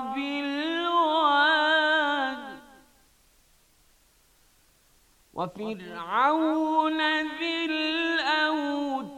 بالواد وفرعون ذي الأوتاد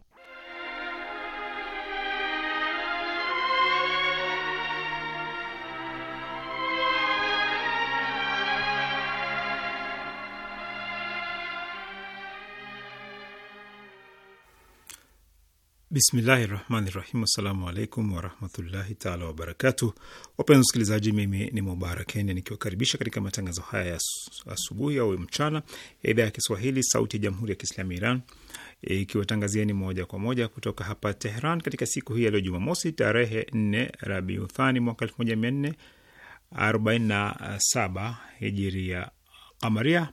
Bismillahi rahmani rahim. Assalamu alaikum warahmatullahi taala wabarakatu. Wapenzi msikilizaji mimi ni Mubarakeni nikiwakaribisha katika matangazo haya ya asubuhi au mchana ya idhaa ya Kiswahili sauti ya jamhuri ya Kiislamu Iran ikiwatangazieni ni moja kwa moja kutoka hapa Tehran katika siku hii ya leo Jumamosi tarehe 4 Rabiuthani mwaka hijiri ya kamaria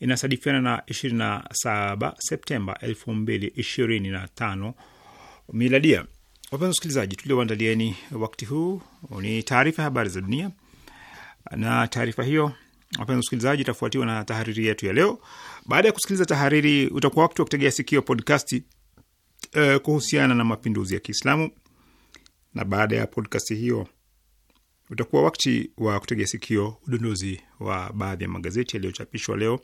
inasadifiana na 27 Septemba tano miladia. Wapenzi wasikilizaji, tulioandalieni wakati huu ni taarifa ya habari za dunia, na taarifa hiyo wapenzi wasikilizaji, itafuatiwa na tahariri yetu ya leo. Baada ya kusikiliza tahariri, utakuwa wakati wa kutegea sikio podcasti eh, kuhusiana na mapinduzi ya Kiislamu, na baada ya podcasti hiyo utakuwa wakati wa kutegea sikio udondozi wa baadhi ya magazeti yaliyochapishwa leo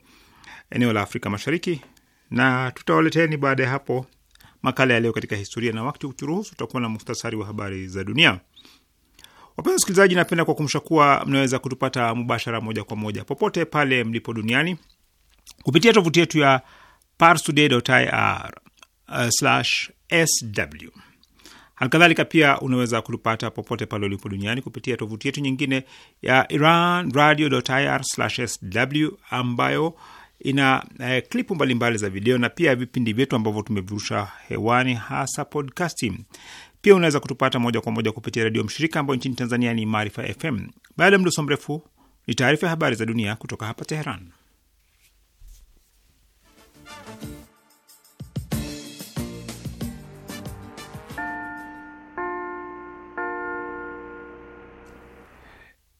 eneo la Afrika Mashariki, na tutawaleteni baada ya hapo makala ya leo katika historia, na wakati ukiruhusu tutakuwa na muhtasari wa habari za dunia. Wapenzi wasikilizaji, napenda kwa kumsha kuwa mnaweza kutupata mubashara moja kwa moja popote pale mlipo duniani kupitia tovuti yetu ya parstoday.ir/sw. Eh, Halikadhalika pia unaweza kutupata popote pale ulipo duniani kupitia tovuti yetu nyingine ya iranradio.ir/sw ambayo ina eh, klipu mbalimbali za video na pia vipindi vyetu ambavyo tumevirusha hewani hasa podcasti. Pia unaweza kutupata moja kwa moja kupitia redio mshirika ambayo nchini Tanzania ni Maarifa FM. Baada ya mdoso mrefu, ni taarifa ya habari za dunia kutoka hapa Teheran.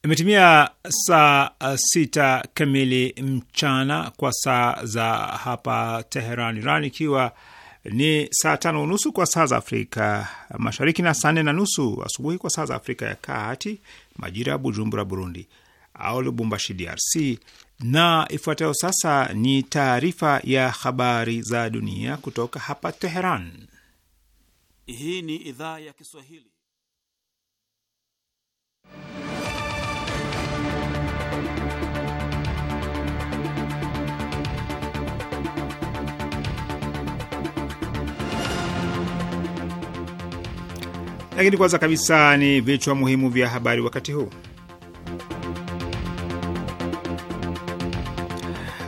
Imetimia saa uh, sita kamili mchana kwa saa za hapa Teheran, Iran, ikiwa ni saa tano unusu kwa saa za Afrika Mashariki na saa nne na nusu asubuhi kwa saa za Afrika ya Kati, majira ya Bujumbura, Burundi, au Lubumbashi, DRC. Na ifuatayo sasa ni taarifa ya habari za dunia kutoka hapa Teheran. Hii ni idhaa ya Kiswahili. Lakini kwanza kabisa ni vichwa muhimu vya habari wakati huu.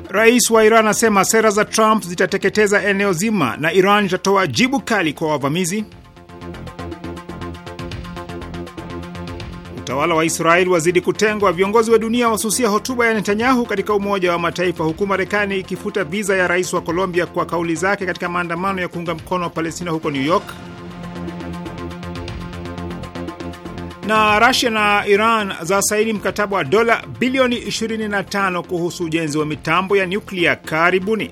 Rais wa Iran asema sera za Trump zitateketeza eneo zima na Iran itatoa jibu kali kwa wavamizi. Utawala wa Israeli wazidi kutengwa, viongozi wa dunia wasusia hotuba ya Netanyahu katika Umoja wa Mataifa, huku Marekani ikifuta viza ya rais wa Colombia kwa kauli zake katika maandamano ya kuunga mkono wa Palestina huko New York. Na Rasia na Iran za saini mkataba wa dola bilioni 25 kuhusu ujenzi wa mitambo ya nyuklia karibuni.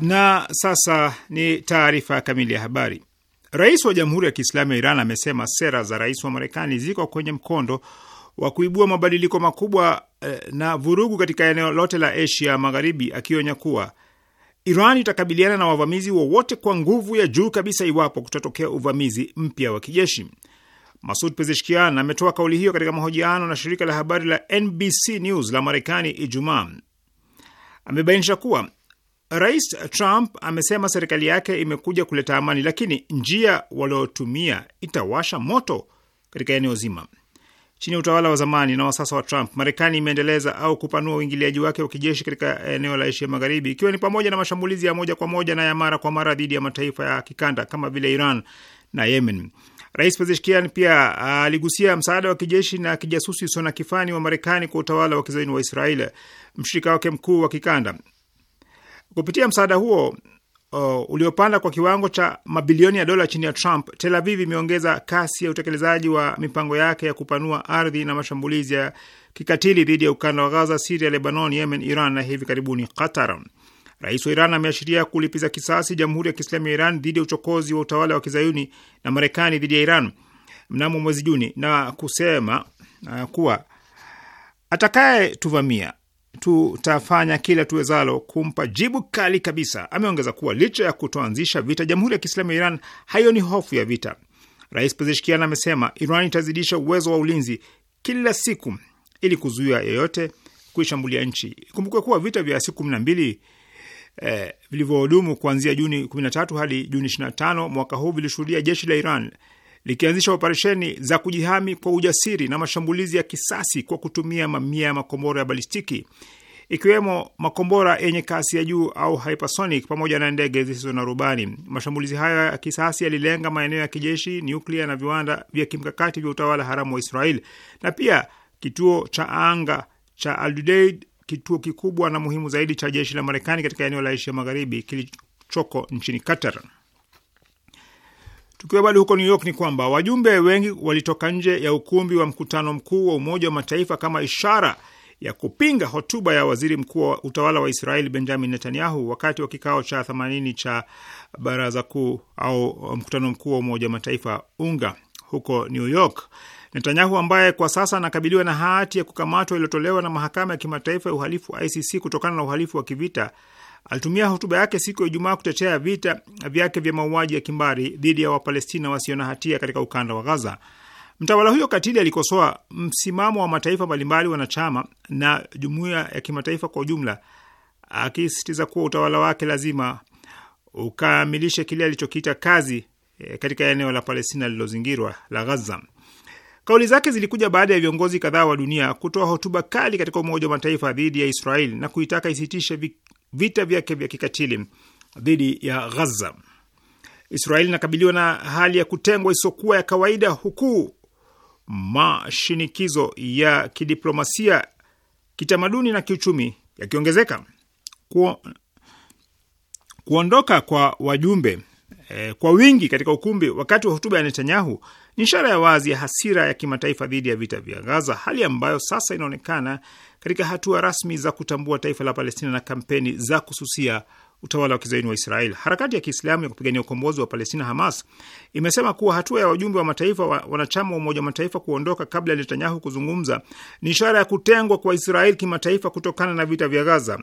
Na sasa ni taarifa kamili ya habari. Rais wa Jamhuri ya Kiislamu ya Iran amesema sera za rais wa Marekani ziko kwenye mkondo wa kuibua mabadiliko makubwa eh, na vurugu katika eneo lote la Asia Magharibi, akionya kuwa Iran itakabiliana na wavamizi wowote kwa nguvu ya juu kabisa iwapo kutatokea uvamizi mpya wa kijeshi. Masud Pezeshkian ametoa kauli hiyo katika mahojiano na shirika la habari la NBC News la Marekani Ijumaa. Amebainisha kuwa Rais Trump amesema serikali yake imekuja kuleta amani, lakini njia waliotumia itawasha moto katika eneo zima. Chini ya utawala wa zamani na wa sasa wa Trump, Marekani imeendeleza au kupanua uingiliaji wake wa kijeshi katika eneo la Asia Magharibi, ikiwa ni pamoja na mashambulizi ya moja kwa moja na ya mara kwa mara dhidi ya mataifa ya kikanda kama vile Iran na Yemen. Rais Pezeshkian pia uh, aligusia msaada wa kijeshi na kijasusi usio na kifani wa Marekani kwa utawala wa kizaini wa israel mshirika wake mkuu wa kikanda. Kupitia msaada huo uh, uliopanda kwa kiwango cha mabilioni ya dola chini ya Trump, Tel Aviv imeongeza kasi ya utekelezaji wa mipango yake ya kupanua ardhi na mashambulizi ya kikatili dhidi ya ukanda wa Gaza, Siria, Lebanon, Yemen, Iran na hivi karibuni Qatar. Rais wa Iran ameashiria kulipiza kisasi Jamhuri ya Kiislamu ya Iran dhidi ya uchokozi wa utawala wa kizayuni na Marekani dhidi ya Iran mnamo mwezi Juni na kusema uh, kuwa atakayetuvamia tutafanya kila tuwezalo kumpa jibu kali kabisa. Ameongeza kuwa licha ya kutoanzisha vita, Jamhuri ya Kiislamu ya Iran haioni hofu ya vita. Rais Pezeshkian amesema Iran itazidisha uwezo wa ulinzi kila siku ili kuzuia yeyote kuishambulia nchi. Ikumbukwe kuwa vita vya siku kumi na mbili eh, vilivyohudumu kuanzia Juni 13 hadi Juni 25 mwaka huu vilishuhudia jeshi la Iran likianzisha operesheni za kujihami kwa ujasiri na mashambulizi ya kisasi kwa kutumia mamia ya makombora ya balistiki ikiwemo makombora yenye kasi ya juu au hypersonic pamoja na ndege zisizo na rubani. Mashambulizi hayo ya kisasi yalilenga maeneo ya kijeshi, nyuklia na viwanda vya kimkakati vya utawala haramu wa Israel na pia kituo cha anga cha Al-Udeid, kituo kikubwa na muhimu zaidi cha jeshi la Marekani katika eneo la Asia Magharibi kilichoko nchini Qatar. Tukiwa bado huko New York ni kwamba wajumbe wengi walitoka nje ya ukumbi wa mkutano mkuu wa Umoja wa Mataifa kama ishara ya kupinga hotuba ya waziri mkuu wa utawala wa Israeli Benjamin Netanyahu wakati wa kikao cha 80 cha baraza kuu au mkutano mkuu wa Umoja wa Mataifa unga huko New York. Netanyahu ambaye kwa sasa anakabiliwa na hati ya kukamatwa iliyotolewa na mahakama ya kimataifa ya uhalifu ICC kutokana na uhalifu wa kivita alitumia hotuba yake siku ya Ijumaa kutetea vita vyake vya mauaji ya kimbari dhidi ya Wapalestina wasio na hatia katika ukanda wa Gaza. Mtawala huyo katili alikosoa msimamo wa mataifa mbalimbali wanachama na jumuiya ya kimataifa kwa ujumla, akisisitiza kuwa utawala wake lazima ukamilishe kile alichokiita kazi e, katika eneo la Palestina lililozingirwa la Gaza. Kauli zake zilikuja baada ya viongozi kadhaa wa dunia kutoa hotuba kali katika Umoja wa Mataifa dhidi ya Israeli na kuitaka isitishe vita vyake vya kikatili dhidi ya Ghaza. Israeli inakabiliwa na hali ya kutengwa isiyokuwa ya kawaida, huku mashinikizo ya kidiplomasia, kitamaduni na kiuchumi yakiongezeka. Kuondoka kwa wajumbe eh, kwa wingi katika ukumbi wakati wa hotuba ya Netanyahu ni ishara ya wazi ya hasira ya kimataifa dhidi ya vita vya Gaza, hali ambayo sasa inaonekana katika hatua rasmi za kutambua taifa la Palestina na kampeni za kususia utawala wa kizaini wa Israel. Harakati ya Kiislamu ya kupigania ukombozi wa Palestina, Hamas, imesema kuwa hatua ya wajumbe wa mataifa wa, wanachama wa Umoja wa Mataifa kuondoka kabla ya Netanyahu kuzungumza ni ishara ya kutengwa kwa Israel kimataifa kutokana na vita vya Gaza.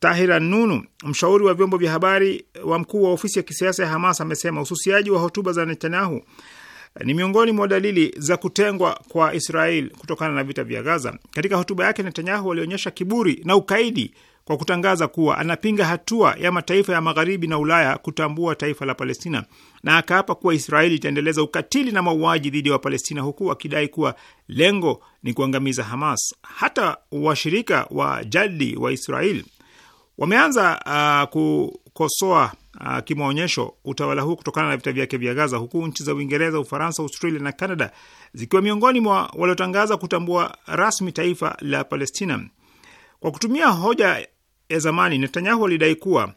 Tahira Nunu, mshauri wa vyombo vya habari wa mkuu wa ofisi ya kisiasa ya Hamas, amesema ususiaji wa hotuba za Netanyahu ni miongoni mwa dalili za kutengwa kwa Israel kutokana na vita vya Gaza. Katika hotuba yake, Netanyahu alionyesha kiburi na ukaidi kwa kutangaza kuwa anapinga hatua ya mataifa ya magharibi na Ulaya kutambua taifa la Palestina na akaapa kuwa Israeli itaendeleza ukatili na mauaji dhidi ya Wapalestina, huku akidai kuwa lengo ni kuangamiza Hamas. Hata washirika wa jadi wa israel wameanza uh, kukosoa uh, kimaonyesho utawala huu kutokana na vita vyake vya Gaza, huku nchi za Uingereza, Ufaransa, Australia na Canada zikiwa miongoni mwa waliotangaza kutambua rasmi taifa la Palestina. Kwa kutumia hoja ya zamani, Netanyahu alidai kuwa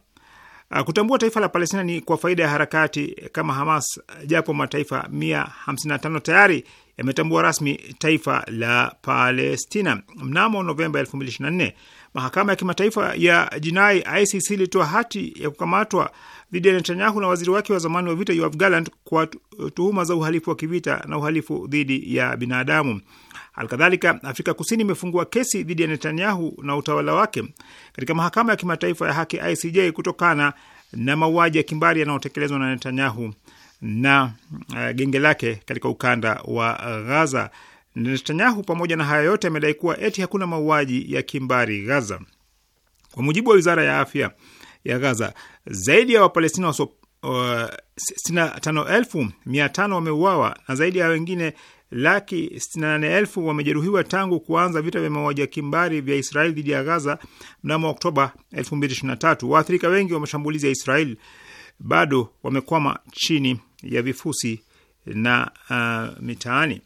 uh, kutambua taifa la Palestina ni kwa faida ya harakati kama Hamas, japo mataifa 155 tayari yametambua rasmi taifa la Palestina. Mnamo Novemba 2024 mahakama ya kimataifa ya jinai ICC ilitoa hati ya kukamatwa dhidi ya Netanyahu na waziri wake wa zamani wa vita Yoav Gallant kwa eh, tuhuma za uhalifu wa kivita na uhalifu dhidi ya binadamu. Alkadhalika, Afrika Kusini imefungua kesi dhidi ya Netanyahu na utawala wake katika mahakama ya kimataifa ya haki ICJ kutokana na mauaji ya kimbari yanayotekelezwa na Netanyahu na uh, genge lake katika ukanda wa eh, Gaza. Netanyahu pamoja na haya yote amedai kuwa eti hakuna mauaji ya kimbari Gaza. Kwa mujibu wa wizara ya afya ya Gaza. Zaidi ya Wapalestina waso uh, 65,500 wameuawa na zaidi ya wengine laki 68,000 wamejeruhiwa tangu kuanza vita vya mauaji ya kimbari vya israeli dhidi ya Gaza mnamo Oktoba 2023. Waathirika wengi wa mashambulizi ya Israel bado wamekwama chini ya vifusi na uh, mitaani.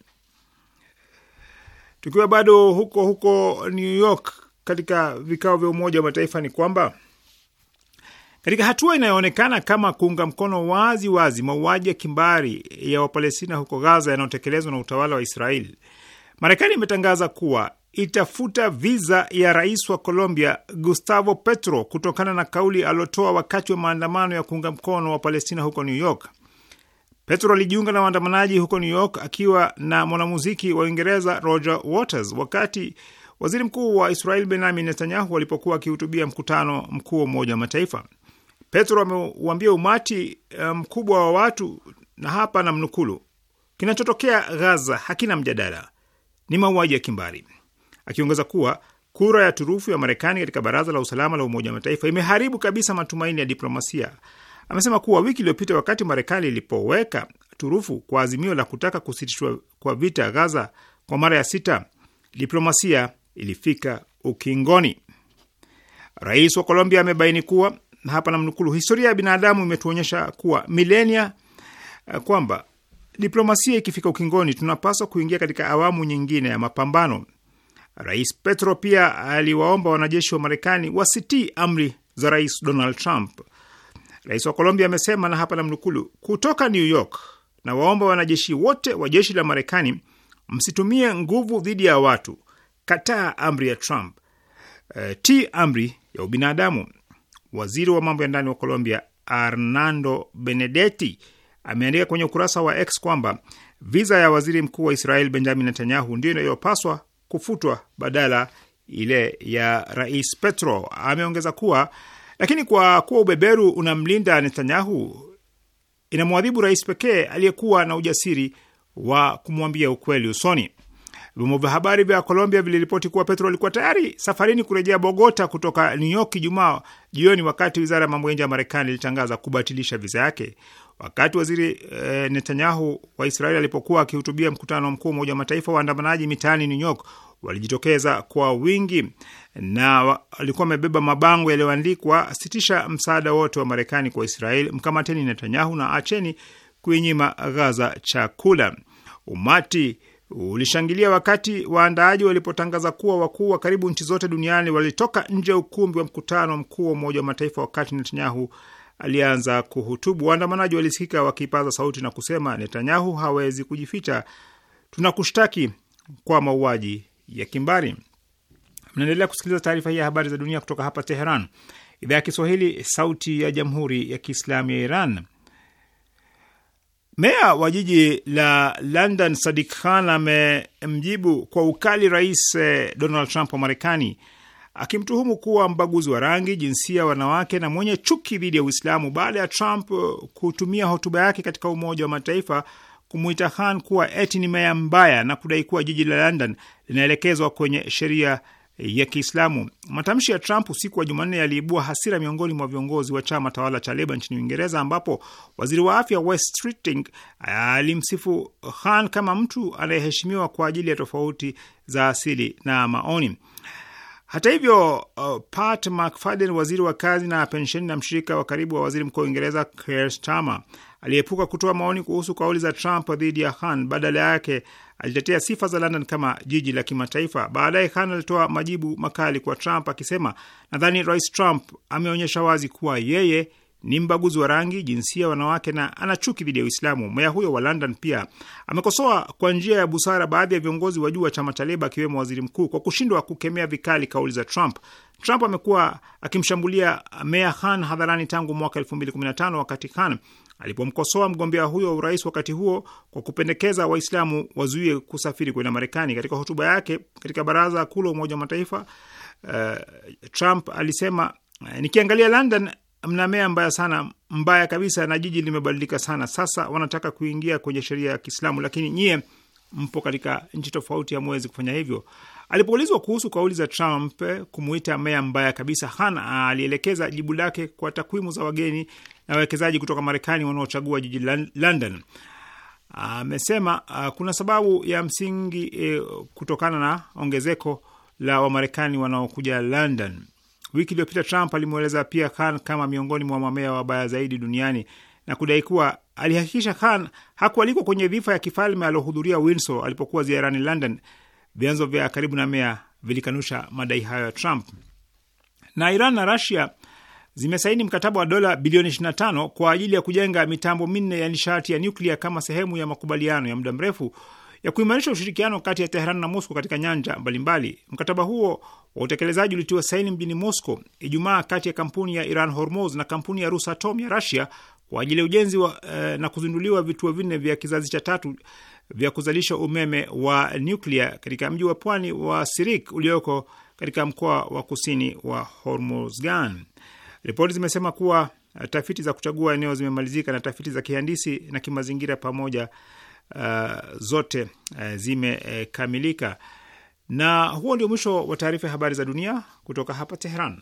Tukiwa bado huko huko New York, katika vikao vya Umoja wa Mataifa ni kwamba katika hatua inayoonekana kama kuunga mkono wazi wazi mauaji ya kimbari ya Wapalestina huko Gaza yanayotekelezwa na utawala wa Israeli, Marekani imetangaza kuwa itafuta viza ya rais wa Colombia Gustavo Petro kutokana na kauli aliotoa wakati wa maandamano ya kuunga mkono wa Palestina huko New York. Petro alijiunga na waandamanaji huko New York akiwa na mwanamuziki wa Uingereza Roger Waters wakati waziri mkuu wa Israel Benjamin Netanyahu alipokuwa akihutubia mkutano mkuu wa Umoja wa Mataifa. Petro ameuambia umati eh, mkubwa um, wa watu, na hapa na mnukulu, kinachotokea Gaza hakina mjadala, ni mauaji ya kimbari, akiongeza kuwa kura ya turufu ya Marekani katika Baraza la Usalama la Umoja wa Mataifa imeharibu kabisa matumaini ya diplomasia. Amesema kuwa wiki iliyopita, wakati Marekani ilipoweka turufu kwa azimio la kutaka kusitishwa kwa vita Gaza kwa mara ya sita, diplomasia ilifika ukingoni. Rais wa Colombia amebaini kuwa na hapa namnukulu, historia ya binadamu imetuonyesha kuwa milenia, eh, kwamba diplomasia ikifika ukingoni, tunapaswa kuingia katika awamu nyingine ya mapambano. Rais Petro pia aliwaomba wanajeshi wa Marekani wasitii amri za Rais Donald Trump. Rais wa Colombia amesema, na hapa namnukulu, kutoka New York, na waomba wanajeshi wote wa jeshi la Marekani msitumie nguvu dhidi ya watu. Kataa amri ya Trump, e, eh, ti amri ya ubinadamu waziri wa mambo ya ndani wa Colombia Arnando Benedetti ameandika kwenye ukurasa wa X kwamba viza ya waziri mkuu wa Israel Benjamin Netanyahu ndio inayopaswa kufutwa badala ile ya rais Petro. Ameongeza kuwa lakini kwa kuwa ubeberu unamlinda Netanyahu, inamwadhibu rais pekee aliyekuwa na ujasiri wa kumwambia ukweli usoni. Vyombo vya habari vya Colombia viliripoti kuwa Petro alikuwa tayari safarini kurejea Bogota kutoka New York Ijumaa jioni, wakati wizara ya mambo ya nje ya Marekani ilitangaza kubatilisha viza yake. Wakati waziri e, Netanyahu wa Israeli alipokuwa akihutubia mkutano mkuu wa Umoja wa Mataifa, waandamanaji mitaani New York walijitokeza kwa wingi na walikuwa wamebeba mabango yaliyoandikwa sitisha msaada wote wa Marekani kwa Israeli, mkamateni Netanyahu na acheni kuinyima Gaza chakula. Umati ulishangilia wakati waandaaji walipotangaza kuwa wakuu wa karibu nchi zote duniani walitoka nje ya ukumbi wa mkutano mkuu wa Umoja wa Mataifa wakati Netanyahu alianza kuhutubu. Waandamanaji walisikika wakipaza sauti na kusema, Netanyahu hawezi kujificha, tunakushtaki kwa mauaji ya kimbari. Mnaendelea kusikiliza taarifa hii ya habari za dunia kutoka hapa Teheran, idhaa ya Kiswahili, sauti ya jamhuri ya kiislamu ya Iran. Meya wa jiji la London Sadiq Khan amemjibu kwa ukali Rais eh, Donald Trump wa Marekani akimtuhumu kuwa mbaguzi wa rangi, jinsia, wanawake na mwenye chuki dhidi ya Uislamu baada ya Trump eh, kutumia hotuba yake katika Umoja wa Mataifa kumwita Khan kuwa eti ni meya mbaya na kudai kuwa jiji la London linaelekezwa kwenye sheria ya Kiislamu. Matamshi ya Trump usiku wa Jumanne yaliibua hasira miongoni mwa viongozi wa chama tawala cha Leba nchini Uingereza, ambapo waziri wa afya Wes Streeting eh, alimsifu Khan kama mtu anayeheshimiwa kwa ajili ya tofauti za asili na maoni. Hata hivyo, uh, Pat McFadden, waziri wa kazi na pensheni na mshirika wa karibu wa waziri mkuu wa Uingereza Keir Starmer, aliepuka kutoa maoni kuhusu kauli za Trump dhidi ya Khan. Badala yake alitetea sifa za London kama jiji la kimataifa. Baadaye Khan alitoa majibu makali kwa Trump akisema, nadhani Rais Trump ameonyesha wazi kuwa yeye ni mbaguzi wa rangi, jinsia, wanawake na ana chuki dhidi ya Uislamu. Meya huyo wa London pia amekosoa kwa njia ya busara baadhi ya viongozi wa juu wa chama cha Leba akiwemo waziri mkuu kwa kushindwa kukemea vikali kauli za Trump. Trump amekuwa akimshambulia meya Khan hadharani tangu mwaka 2015 wakati Khan alipomkosoa mgombea huyo wa urais wakati huo kwa kupendekeza Waislamu wazuie kusafiri kwenda Marekani. Katika hotuba yake katika baraza kuu la Umoja wa Mataifa, uh, Trump alisema eh, nikiangalia London mna meya mbaya sana, mbaya kabisa, na jiji limebadilika sana. Sasa wanataka kuingia kwenye sheria ya Kiislamu, lakini nyie mpo katika nchi tofauti, hamwezi kufanya hivyo. Alipoulizwa kuhusu kauli za Trump eh, kumuita meya mbaya kabisa, Han alielekeza jibu lake kwa takwimu za wageni na wawekezaji kutoka Marekani wanaochagua jiji London. Amesema ah, kuna sababu ya msingi e, kutokana na ongezeko la Wamarekani wanaokuja London. Wiki iliyopita Trump alimweleza pia Khan kama miongoni mwa mamea wabaya zaidi duniani na kudai kuwa alihakikisha Khan hakualikwa kwenye dhifa ya kifalme alohudhuria Windsor alipokuwa ziarani London Vyanzo vya karibu na mea vilikanusha madai hayo ya Trump. Na Iran na Rasia zimesaini mkataba wa dola bilioni 25 kwa ajili ya kujenga mitambo minne ya nishati ya nyuklia kama sehemu ya makubaliano ya muda mrefu ya kuimarisha ushirikiano kati ya Teheran na Moscow katika nyanja mbalimbali. Mkataba huo wa utekelezaji ulitiwa saini mjini Moscow Ijumaa kati ya kampuni ya Iran Hormuz na kampuni ya Rusatom ya rasia kwa ajili ya ujenzi wa, eh, na kuzinduliwa vituo vinne vya kizazi cha tatu vya kuzalisha umeme wa nyuklia katika mji wa pwani wa Sirik ulioko katika mkoa wa kusini wa Hormozgan. Ripoti zimesema kuwa tafiti za kuchagua eneo zimemalizika na tafiti za kihandisi na kimazingira pamoja uh, zote uh, zimekamilika. Uh, na huo ndio mwisho wa taarifa ya habari za dunia kutoka hapa teheran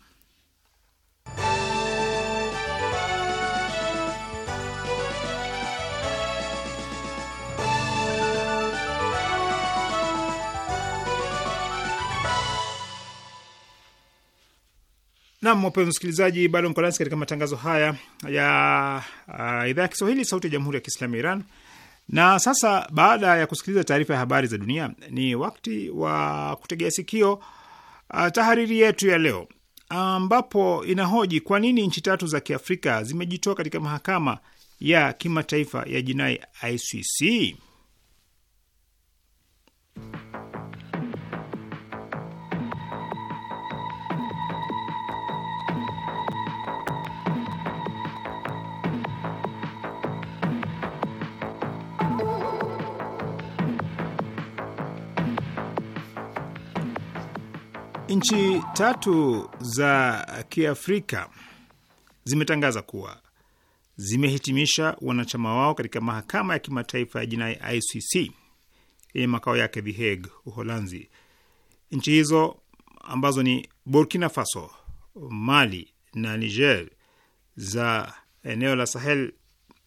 Nam, wapenzi msikilizaji, bado mko nasi katika matangazo haya ya uh, idhaa ya Kiswahili sauti ya jamhuri ya kiislamu ya Iran. Na sasa baada ya kusikiliza taarifa ya habari za dunia, ni wakati wa kutegea sikio uh, tahariri yetu ya leo ambapo inahoji kwa nini nchi tatu za Kiafrika zimejitoa katika mahakama ya kimataifa ya jinai ICC. Nchi tatu za Kiafrika zimetangaza kuwa zimehitimisha wanachama wao katika mahakama ya kimataifa ya jinai ICC yenye makao yake The Hague, Uholanzi. Nchi hizo ambazo ni Burkina Faso, Mali na Niger za eneo la Sahel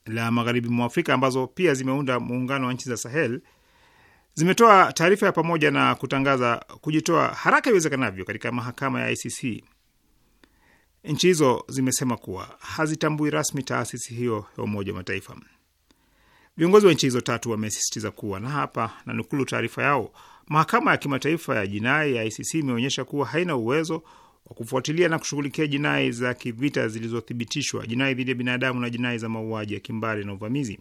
la magharibi mwa Afrika ambazo pia zimeunda muungano wa nchi za Sahel zimetoa taarifa ya pamoja na kutangaza kujitoa haraka iwezekanavyo katika mahakama ya ICC. Nchi hizo zimesema kuwa hazitambui rasmi taasisi hiyo ya Umoja wa Mataifa. Viongozi wa nchi hizo tatu wamesisitiza kuwa, na hapa na nukulu taarifa yao, mahakama ya kimataifa ya jinai ya ICC imeonyesha kuwa haina uwezo wa kufuatilia na kushughulikia jinai za kivita zilizothibitishwa, jinai dhidi ya binadamu na jinai za mauaji ya kimbari na uvamizi.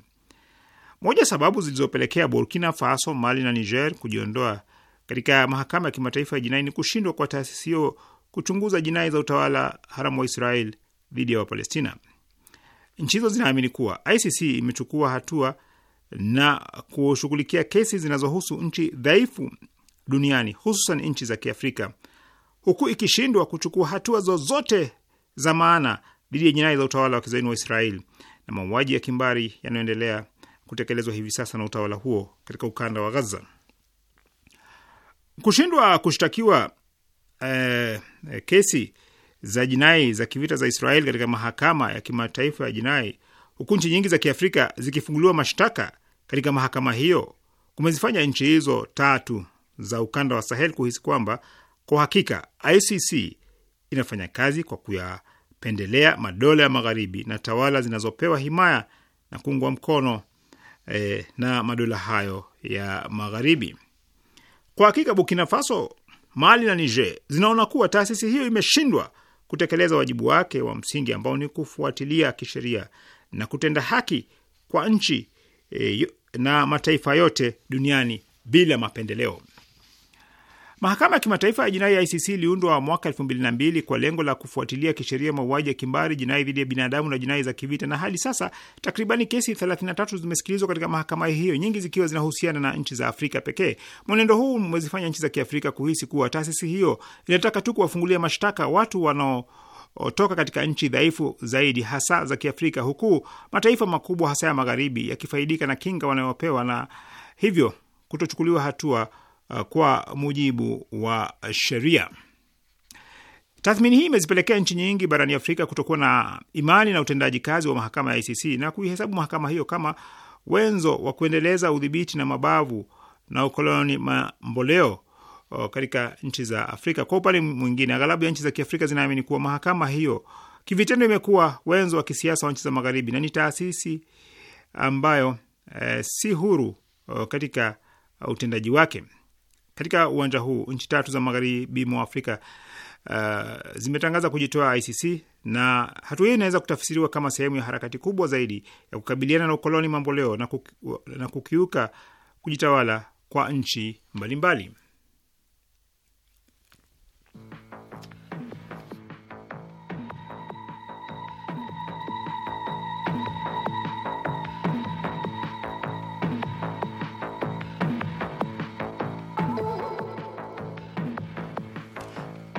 Moja sababu zilizopelekea Burkina Faso, Mali na Niger kujiondoa katika mahakama ya kimataifa ya jinai ni kushindwa kwa taasisi hiyo kuchunguza jinai za utawala haramu wa Israel dhidi ya Wapalestina. Nchi hizo zinaamini kuwa ICC imechukua hatua na kushughulikia kesi zinazohusu nchi dhaifu duniani, hususan nchi za Kiafrika, huku ikishindwa kuchukua hatua zozote za maana dhidi ya jinai za utawala wa kizaini wa Israel na mauaji ya kimbari yanayoendelea kutekelezwa hivi sasa na utawala huo katika ukanda wa Gaza. Kushindwa kushtakiwa eh, kesi za jinai za kivita za Israeli katika mahakama ya kimataifa ya jinai, huku nchi nyingi za Kiafrika zikifunguliwa mashtaka katika mahakama hiyo kumezifanya nchi hizo tatu za ukanda wa Sahel kuhisi kwamba kwa hakika ICC inafanya kazi kwa kuyapendelea madola ya magharibi na tawala zinazopewa himaya na kuungwa mkono e, na madola hayo ya magharibi. Kwa hakika Burkina Faso, Mali na Niger zinaona kuwa taasisi hiyo imeshindwa kutekeleza wajibu wake wa msingi ambao ni kufuatilia kisheria na kutenda haki kwa nchi e, na mataifa yote duniani bila mapendeleo. Mahakama ya kimataifa ya jinai ya ICC iliundwa mwaka elfu mbili na mbili kwa lengo la kufuatilia kisheria mauaji ya kimbari, jinai dhidi ya binadamu na jinai za kivita, na hadi sasa takribani kesi 33 zimesikilizwa katika mahakama hiyo, nyingi zikiwa zinahusiana na nchi za Afrika pekee. Mwenendo huu umezifanya nchi za Kiafrika kuhisi kuwa taasisi hiyo inataka tu kuwafungulia mashtaka watu wanao toka katika nchi dhaifu zaidi hasa za Kiafrika, huku mataifa makubwa hasa ya magharibi yakifaidika na kinga wanayopewa na hivyo kutochukuliwa hatua Uh, kwa mujibu wa sheria. Tathmini hii imezipelekea nchi nyingi barani Afrika kutokuwa na imani na utendaji kazi wa mahakama ya ICC na kuihesabu mahakama hiyo kama wenzo wa kuendeleza udhibiti na mabavu na ukoloni mamboleo uh, katika nchi za Afrika. Kwa upande mwingine, aghalabu ya nchi za Kiafrika zinaamini kuwa mahakama hiyo kivitendo imekuwa wenzo wa kisiasa wa nchi za Magharibi na ni taasisi ambayo eh, si huru uh, katika utendaji wake. Katika uwanja huu nchi tatu za magharibi mwa Afrika uh, zimetangaza kujitoa ICC na hatua hiyo inaweza kutafsiriwa kama sehemu ya harakati kubwa zaidi ya kukabiliana na ukoloni mamboleo na, kuki, na kukiuka kujitawala kwa nchi mbalimbali mbali.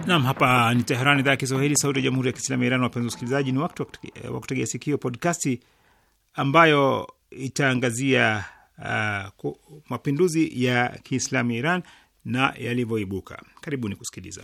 Nam, hapa ni teheran idhaa ya Kiswahili, sauti ya jamhuri ya kiislamu ya Iran. Wapenzi wasikilizaji, ni wakati wa kutegea sikio podkasti ambayo itaangazia uh, mapinduzi ya kiislamu ya Iran na yalivyoibuka. Karibuni kusikiliza.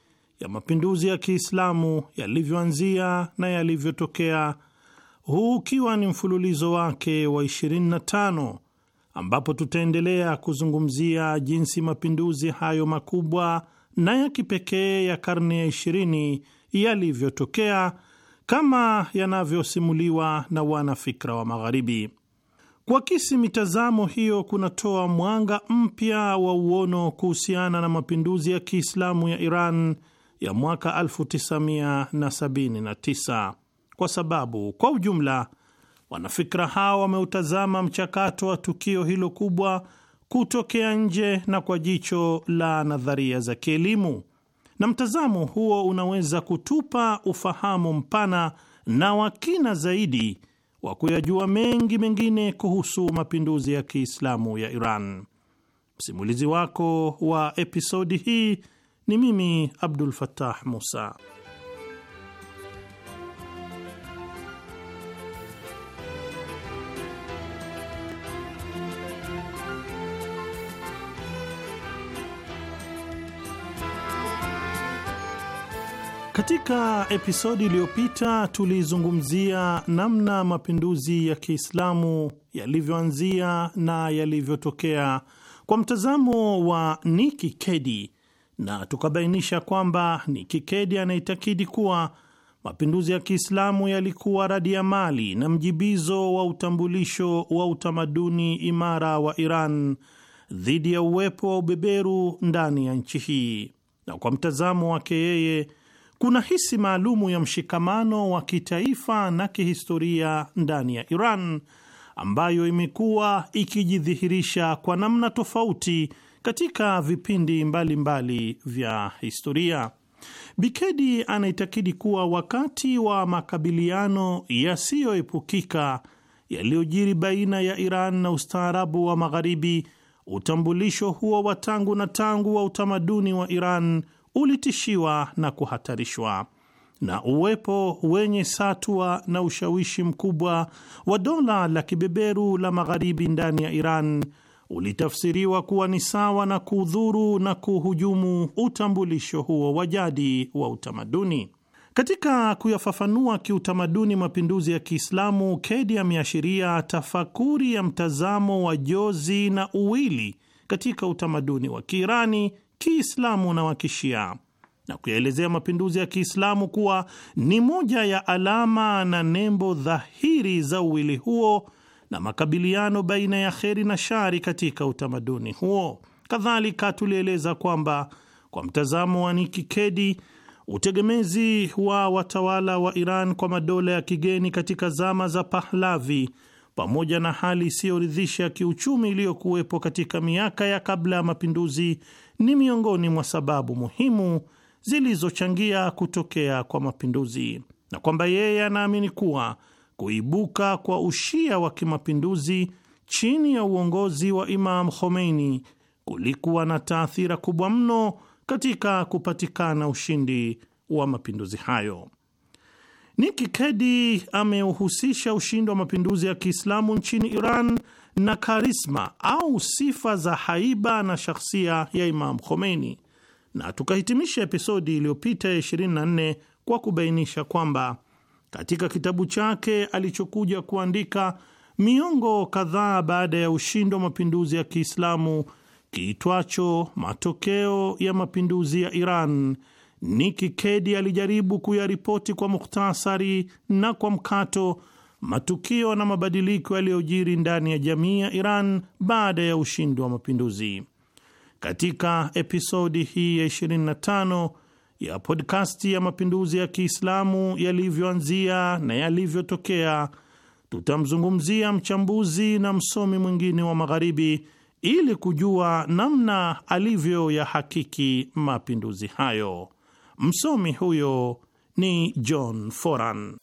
ya mapinduzi ya Kiislamu yalivyoanzia na yalivyotokea, huu ukiwa ni mfululizo wake wa 25 ambapo tutaendelea kuzungumzia jinsi mapinduzi hayo makubwa na ya kipekee ya karne ya 20 yalivyotokea kama yanavyosimuliwa na wanafikra wa Magharibi. Kuakisi mitazamo hiyo kunatoa mwanga mpya wa uono kuhusiana na mapinduzi ya Kiislamu ya Iran ya mwaka 1979 kwa sababu kwa ujumla wanafikra hao wameutazama mchakato wa tukio hilo kubwa kutokea nje na kwa jicho la nadharia za kielimu, na mtazamo huo unaweza kutupa ufahamu mpana na wa kina zaidi wa kuyajua mengi mengine kuhusu mapinduzi ya Kiislamu ya Iran. Msimulizi wako wa episodi hii ni mimi Abdul Fattah Musa. Katika episodi iliyopita tulizungumzia namna mapinduzi ya Kiislamu yalivyoanzia na yalivyotokea kwa mtazamo wa Nikki Keddie na tukabainisha kwamba ni Kikedi anayetakidi kuwa mapinduzi ya Kiislamu yalikuwa radi ya mali na mjibizo wa utambulisho wa utamaduni imara wa Iran dhidi ya uwepo wa ubeberu ndani ya nchi hii, na kwa mtazamo wake yeye kuna hisi maalumu ya mshikamano wa kitaifa na kihistoria ndani ya Iran ambayo imekuwa ikijidhihirisha kwa namna tofauti katika vipindi mbalimbali mbali vya historia. Bikedi anaitakidi kuwa wakati wa makabiliano yasiyoepukika yaliyojiri baina ya Iran na ustaarabu wa Magharibi, utambulisho huo wa tangu na tangu wa utamaduni wa Iran ulitishiwa na kuhatarishwa na uwepo wenye satwa na ushawishi mkubwa wa dola la kibeberu la Magharibi ndani ya Iran ulitafsiriwa kuwa ni sawa na kudhuru na kuhujumu utambulisho huo wa jadi wa utamaduni. Katika kuyafafanua kiutamaduni mapinduzi ya Kiislamu, Kedi ameashiria tafakuri ya mtazamo wa jozi na uwili katika utamaduni wa Kiirani, Kiislamu na wa Kishia na kuyaelezea mapinduzi ya Kiislamu kuwa ni moja ya alama na nembo dhahiri za uwili huo na makabiliano baina ya kheri na shari katika utamaduni huo. Kadhalika tulieleza kwamba kwa mtazamo wa niki kedi utegemezi wa watawala wa Iran kwa madola ya kigeni katika zama za Pahlavi pamoja na hali isiyoridhisha ya kiuchumi iliyokuwepo katika miaka ya kabla ya mapinduzi ni miongoni mwa sababu muhimu zilizochangia kutokea kwa mapinduzi, na kwamba yeye anaamini kuwa kuibuka kwa ushia wa kimapinduzi chini ya uongozi wa Imam Khomeini kulikuwa na taathira kubwa mno katika kupatikana ushindi wa mapinduzi hayo. Nikki Kedi ameuhusisha ushindi wa mapinduzi ya Kiislamu nchini Iran na karisma au sifa za haiba na shakhsia ya Imam Khomeini, na tukahitimisha episodi iliyopita ya 24 kwa kubainisha kwamba katika kitabu chake alichokuja kuandika miongo kadhaa baada ya ushindi wa mapinduzi ya Kiislamu kiitwacho Matokeo ya Mapinduzi ya Iran, Nikki Keddie alijaribu kuyaripoti kwa mukhtasari na kwa mkato matukio na mabadiliko yaliyojiri ndani ya jamii ya Iran baada ya ushindi wa mapinduzi. Katika episodi hii ya 25 ya podkasti ya mapinduzi ya Kiislamu yalivyoanzia na yalivyotokea, tutamzungumzia mchambuzi na msomi mwingine wa Magharibi ili kujua namna alivyoyahakiki mapinduzi hayo. Msomi huyo ni John Foran.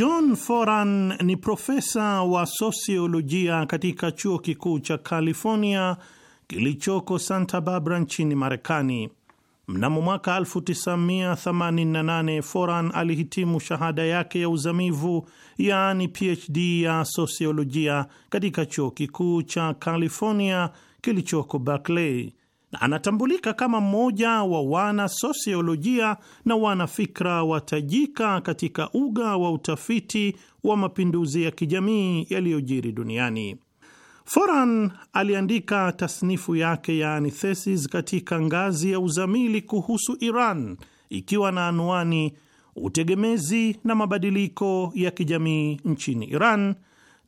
John Foran ni profesa wa sosiolojia katika chuo kikuu cha California kilichoko Santa Barbara nchini Marekani. Mnamo mwaka 1988 Foran alihitimu shahada yake ya uzamivu yaani PhD ya sosiolojia katika chuo kikuu cha California kilichoko Berkeley na anatambulika kama mmoja wa wana sosiolojia na wanafikra watajika katika uga wa utafiti wa mapinduzi ya kijamii yaliyojiri duniani. Foran aliandika tasnifu yake yaani thesis katika ngazi ya uzamili kuhusu Iran ikiwa na anwani utegemezi na mabadiliko ya kijamii nchini Iran,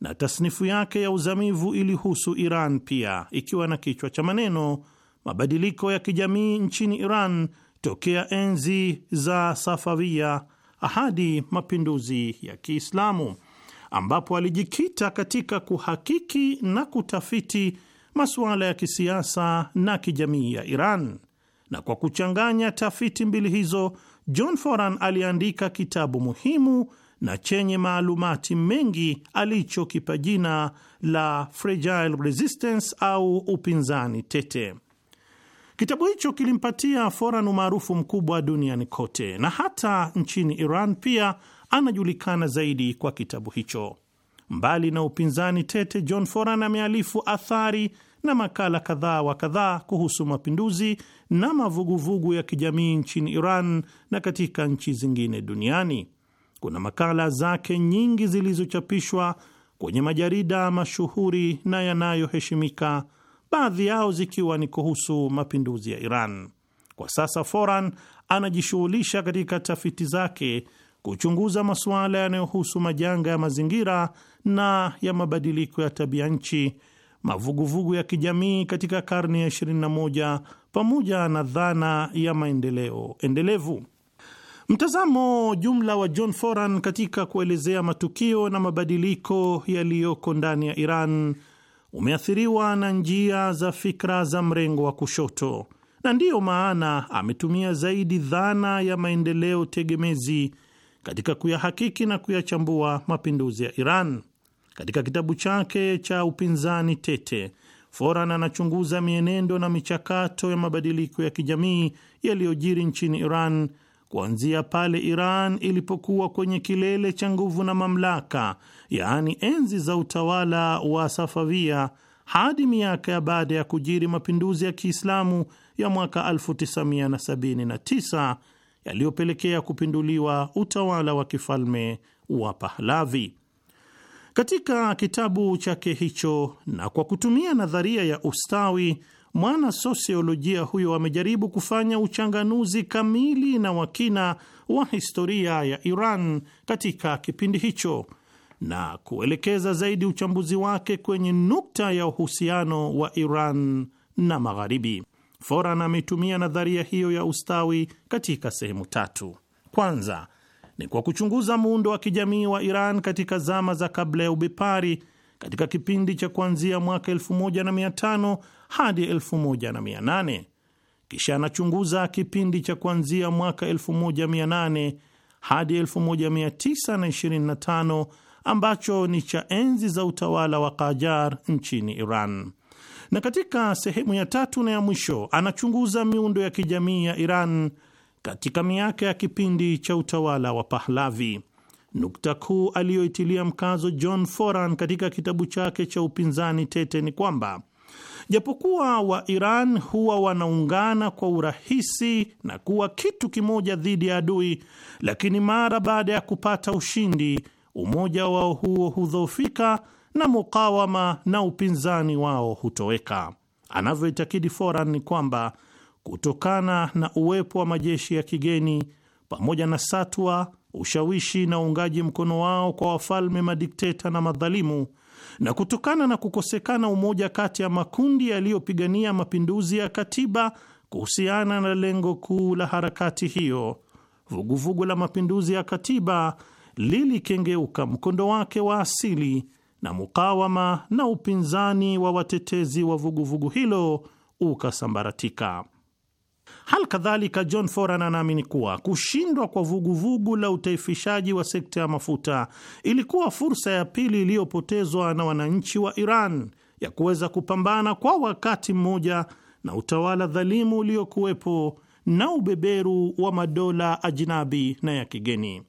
na tasnifu yake ya uzamivu ilihusu Iran pia ikiwa na kichwa cha maneno mabadiliko ya kijamii nchini Iran tokea enzi za Safawia hadi mapinduzi ya Kiislamu, ambapo alijikita katika kuhakiki na kutafiti masuala ya kisiasa na kijamii ya Iran. Na kwa kuchanganya tafiti mbili hizo, John Foran aliandika kitabu muhimu na chenye maalumati mengi alichokipa jina la Fragile Resistance au upinzani tete. Kitabu hicho kilimpatia foran umaarufu mkubwa duniani kote na hata nchini Iran pia anajulikana zaidi kwa kitabu hicho. Mbali na upinzani tete, John Foran amealifu athari na makala kadhaa wa kadhaa kuhusu mapinduzi na mavuguvugu ya kijamii nchini Iran na katika nchi zingine duniani. Kuna makala zake nyingi zilizochapishwa kwenye majarida mashuhuri na yanayoheshimika baadhi yao zikiwa ni kuhusu mapinduzi ya Iran. Kwa sasa Foran anajishughulisha katika tafiti zake kuchunguza masuala yanayohusu majanga ya mazingira na ya mabadiliko ya tabia nchi, mavuguvugu ya kijamii katika karne ya 21 pamoja na dhana ya maendeleo endelevu. Mtazamo jumla wa John Foran katika kuelezea matukio na mabadiliko yaliyoko ndani ya Iran umeathiriwa na njia za fikra za mrengo wa kushoto, na ndiyo maana ametumia zaidi dhana ya maendeleo tegemezi katika kuyahakiki na kuyachambua mapinduzi ya Iran. Katika kitabu chake cha upinzani tete, Foran anachunguza mienendo na michakato ya mabadiliko ya kijamii yaliyojiri nchini Iran kuanzia pale Iran ilipokuwa kwenye kilele cha nguvu na mamlaka, yaani enzi za utawala wa Safavia hadi miaka ya baada ya kujiri mapinduzi ya Kiislamu ya mwaka 1979 yaliyopelekea kupinduliwa utawala wa kifalme wa Pahlavi. Katika kitabu chake hicho na kwa kutumia nadharia ya ustawi mwana sosiolojia huyo amejaribu kufanya uchanganuzi kamili na wakina wa historia ya Iran katika kipindi hicho na kuelekeza zaidi uchambuzi wake kwenye nukta ya uhusiano wa Iran na Magharibi. Foran ametumia nadharia hiyo ya ustawi katika sehemu tatu. Kwanza ni kwa kuchunguza muundo wa kijamii wa Iran katika zama za kabla ya ubepari katika kipindi cha kuanzia mwaka 1500 hadi 1800 kisha anachunguza kipindi cha kuanzia mwaka 1800 hadi 1925 ambacho ni cha enzi za utawala wa Qajar nchini Iran. Na katika sehemu ya tatu na ya mwisho anachunguza miundo ya kijamii ya Iran katika miaka ya kipindi cha utawala wa Pahlavi. Nukta kuu aliyoitilia mkazo John Foran katika kitabu chake cha upinzani tete ni kwamba Japokuwa wa Iran huwa wanaungana kwa urahisi na kuwa kitu kimoja dhidi ya adui, lakini mara baada ya kupata ushindi, umoja wao huo hudhoofika na mukawama na upinzani wao hutoweka. Anavyoitakidi Foran ni kwamba kutokana na uwepo wa majeshi ya kigeni pamoja na satwa, ushawishi na uungaji mkono wao kwa wafalme, madikteta na madhalimu na kutokana na kukosekana umoja kati ya makundi yaliyopigania mapinduzi ya katiba kuhusiana na lengo kuu la harakati hiyo, vuguvugu vugu la mapinduzi ya katiba lilikengeuka mkondo wake wa asili na mukawama na upinzani wa watetezi wa vuguvugu vugu hilo ukasambaratika hal kadhalika John Foran anaamini kuwa kushindwa kwa vuguvugu vugu la utaifishaji wa sekta ya mafuta ilikuwa fursa ya pili iliyopotezwa na wananchi wa Iran ya kuweza kupambana kwa wakati mmoja na utawala dhalimu uliokuwepo na ubeberu wa madola ajinabi na ya kigeni.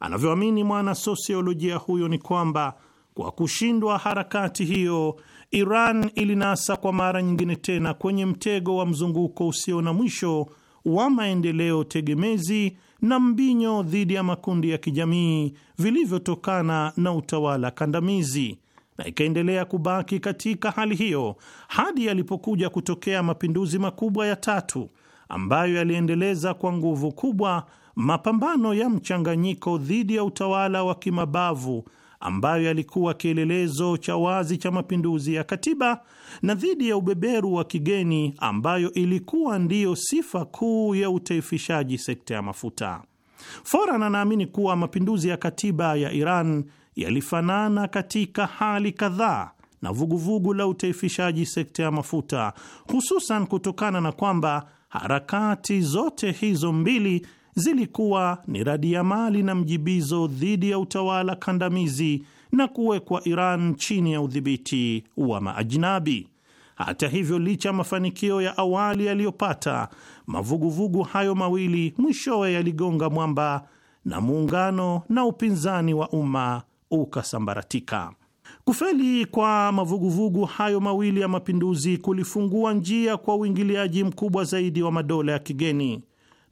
Anavyoamini mwana sosiolojia huyo ni kwamba kwa kushindwa harakati hiyo Iran ilinasa kwa mara nyingine tena kwenye mtego wa mzunguko usio na mwisho wa maendeleo tegemezi na mbinyo dhidi ya makundi ya kijamii vilivyotokana na utawala kandamizi na ikaendelea kubaki katika hali hiyo hadi yalipokuja kutokea mapinduzi makubwa ya tatu ambayo yaliendeleza kwa nguvu kubwa mapambano ya mchanganyiko dhidi ya utawala wa kimabavu ambayo yalikuwa kielelezo cha wazi cha mapinduzi ya katiba na dhidi ya ubeberu wa kigeni, ambayo ilikuwa ndiyo sifa kuu ya utaifishaji sekta ya mafuta. Foran anaamini kuwa mapinduzi ya katiba ya Iran yalifanana katika hali kadhaa na vuguvugu vugu la utaifishaji sekta ya mafuta, hususan kutokana na kwamba harakati zote hizo mbili zilikuwa ni radi ya mali na mjibizo dhidi ya utawala kandamizi na kuwekwa Iran chini ya udhibiti wa maajnabi. Hata hivyo, licha ya mafanikio ya awali yaliyopata, mavuguvugu hayo mawili mwishowe yaligonga mwamba na muungano na upinzani wa umma ukasambaratika. Kufeli kwa mavuguvugu hayo mawili ya mapinduzi kulifungua njia kwa uingiliaji mkubwa zaidi wa madola ya kigeni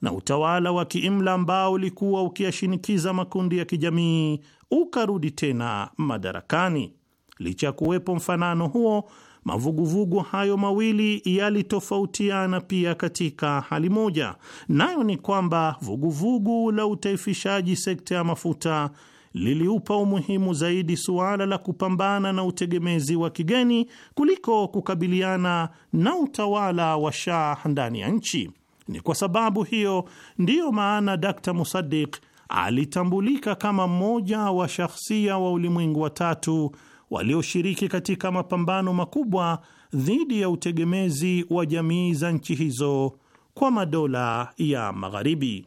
na utawala wa kiimla ambao ulikuwa ukiyashinikiza makundi ya kijamii ukarudi tena madarakani. Licha ya kuwepo mfanano huo, mavuguvugu hayo mawili yalitofautiana pia katika hali moja, nayo ni kwamba vuguvugu la utaifishaji sekta ya mafuta liliupa umuhimu zaidi suala la kupambana na utegemezi wa kigeni kuliko kukabiliana na utawala wa Shah ndani ya nchi. Ni kwa sababu hiyo ndiyo maana Dr musadik alitambulika kama mmoja wa shakhsia wa ulimwengu watatu walioshiriki katika mapambano makubwa dhidi ya utegemezi wa jamii za nchi hizo kwa madola ya Magharibi.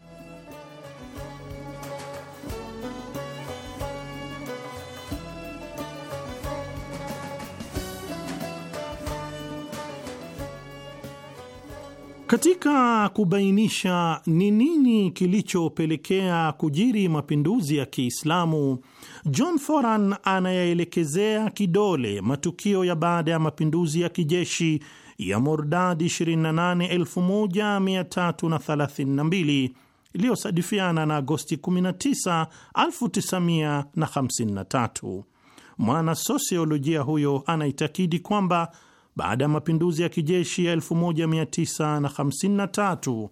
Katika kubainisha ni nini kilichopelekea kujiri mapinduzi ya Kiislamu, John Foran anayaelekezea kidole matukio ya baada ya mapinduzi ya kijeshi ya mordadi 281332 iliyosadifiana na Agosti 19 1953. Mwana sosiolojia huyo anaitakidi kwamba baada ya mapinduzi ya kijeshi ya 1953